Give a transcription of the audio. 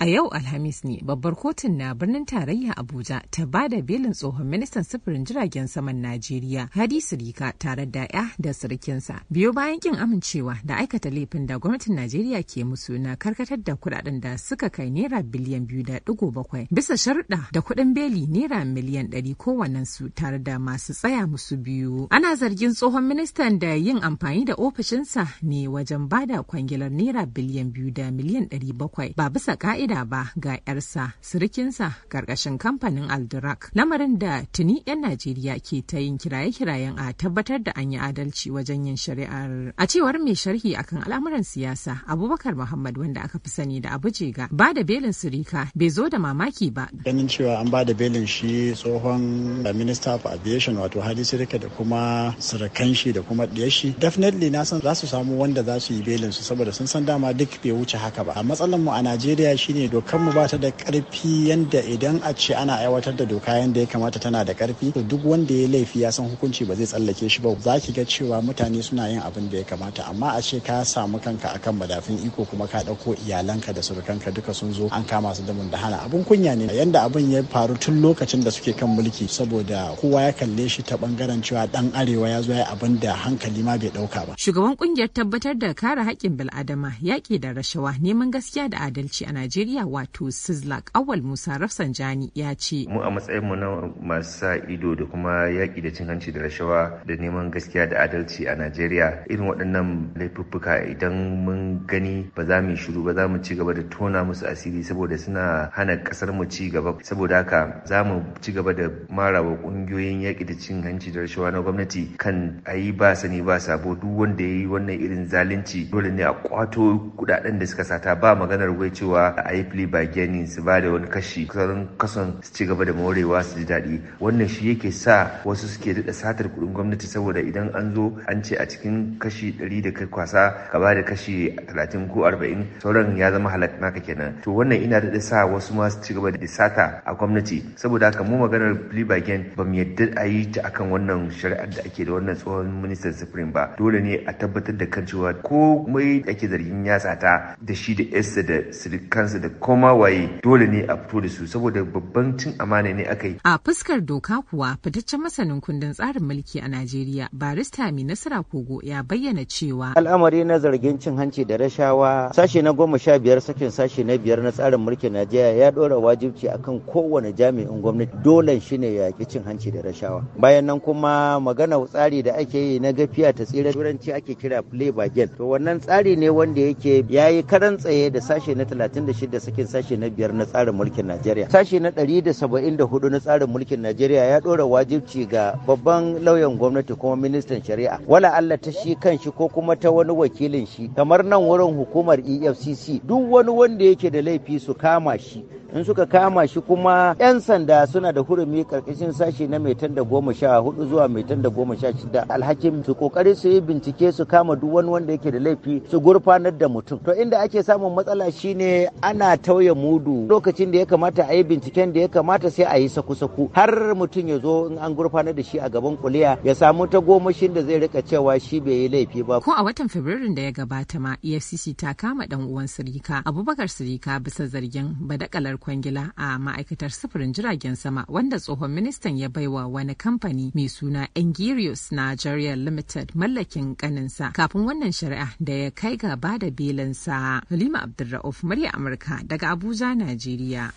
A yau Alhamis ne babbar kotun na birnin tarayya Abuja ta ba da belin tsohon ministan sufurin jiragen saman Najeriya Hadi Sirika tare da ya da sirikinsa. Biyo bayan kin amincewa da aikata laifin da gwamnatin Najeriya ke musu na karkatar da kudaden da suka kai naira biliyan biyu da digo bakwai bisa sharuɗa da kuɗin beli naira miliyan ɗari kowannen su tare da masu tsaya musu biyu. Ana zargin tsohon ministan da yin amfani da ofishinsa ne wajen ba da kwangilar naira biliyan biyu da miliyan ɗari bakwai ba bisa ka'ida shaida ba ga 'yarsa sirikinsa karkashin kamfanin aldurak lamarin da tuni 'yan najeriya ke ta yin kiraye-kirayen a tabbatar da an yi adalci wajen yin shari'ar a cewar mai sharhi akan al'amuran siyasa abubakar muhammad wanda aka fi sani da abu jega ba da belin sirika bai zo da mamaki ba ganin cewa an ba da belin shi tsohon uh, minister of aviation wato hadi sirika da kuma sirikan shi da kuma ɗiyar shi definitely na san za su samu wanda za su yi belin su saboda sun san dama duk bai wuce haka ba a matsalar mu a najeriya shine shine dokar mu bata da karfi yanda idan a ce ana aiwatar da doka yanda ya kamata tana da karfi to duk wanda ya laifi ya san hukunci ba zai tsallake shi ba za ki ga cewa mutane suna yin abin da ya kamata amma a ce ka samu kanka akan madafin iko kuma ka dauko iyalanka da surukanka duka sun zo an kama su da mun da hana abun kunya ne yanda abun ya faru tun lokacin da suke kan mulki saboda kowa ya kalle shi ta bangaren cewa dan arewa ya zo ya abin da hankali ma bai dauka ba shugaban kungiyar tabbatar da kare haƙƙin bil'adama yaƙi da rashawa neman gaskiya da adalci a Najeriya Najeriya wato Sislak Awal Musa Rafsanjani ya ce. Mu a matsayin mu na masu sa ido da kuma yaƙi da cin hanci da rashawa da neman gaskiya da adalci a Najeriya irin waɗannan laifuffuka idan mun gani ba za mu shiru ba za mu ci gaba da tona musu asiri saboda suna hana ƙasar mu ci gaba saboda haka za mu ci gaba da marawa ƙungiyoyin yaƙi da cin hanci da rashawa na gwamnati kan a yi ba sani ba sabo duk wanda ya yi wannan irin zalunci dole ne a kwato kuɗaɗen da suka sata ba maganar wai cewa a haifili ba gani su ba da wani kashi kusan kason su ci gaba da morewa su ji daɗi wannan shi yake sa wasu suke daɗa satar kuɗin gwamnati saboda idan an zo an ce a cikin kashi ɗari da kai kwasa ka ba da kashi talatin ko arba'in sauran ya zama halat naka kenan to wannan ina daɗa sa wasu ma su ci gaba da sata a gwamnati saboda haka mu maganar fili ba ba mu yadda a yi ta akan wannan shari'ar da ake da wannan tsohon ministan supreme ba dole ne a tabbatar da kan cewa ko mai ake zargin ya sata da shi da yarsa da sirikansa da da koma waye dole ne a fito da su saboda babban cin amana ne aka yi. A fuskar doka kuwa fitaccen masanin kundin tsarin mulki a Najeriya barista mai nasara kogo ya bayyana cewa. Al'amari na zargin cin hanci da rashawa sashe na goma sha biyar sakin sashe na biyar na tsarin mulkin Najeriya ya ɗora wajibci akan kowane jami'in gwamnati dole shi ne ya cin hanci da rashawa. Bayan nan kuma magana tsari da ake yi na gafiya ta tsira turanci ake kira play by game. To wannan tsari ne wanda yake yayi karan tsaye da sashe na 36 da sakin sashe na biyar na tsarin mulkin Najeriya. Sashe na ɗari da saba'in da hudu na tsarin mulkin Najeriya ya ɗora wajibci ga babban lauyan gwamnati kuma ministan shari'a. Wala Allah ta shi kan shi ko kuma ta wani wakilin shi kamar nan wurin hukumar EFCC duk wani wanda yake da laifi su kama shi in suka kama shi kuma 'yan sanda suna da hurumi karkashin sashi na mai tanda goma sha hudu zuwa mai tanda goma sha shida alhakin su kokari su yi bincike su kama duk wani wanda yake da laifi su gurfanar da mutum to inda ake samun matsala shine ana tauye mudu lokacin da ya kamata a yi binciken da ya kamata sai a yi saku-saku har mutum ya zo in an gurfanar da shi a gaban kuliya ya samu ta gomashin da zai rika cewa shi bai yi laifi ba ko a watan fabrairun da ya gabata ma efcc ta kama dan uwan sirika abubakar sirika bisa zargin badakalar kwangila a ma'aikatar sufurin jiragen sama wanda tsohon ministan ya baiwa wani kamfani mai suna Engirius Nigeria Limited mallakin kaninsa kafin wannan shari'a da ya kai gaba da belinsa. Halima Abdulra'uf murya Amurka daga Abuja, Najeriya.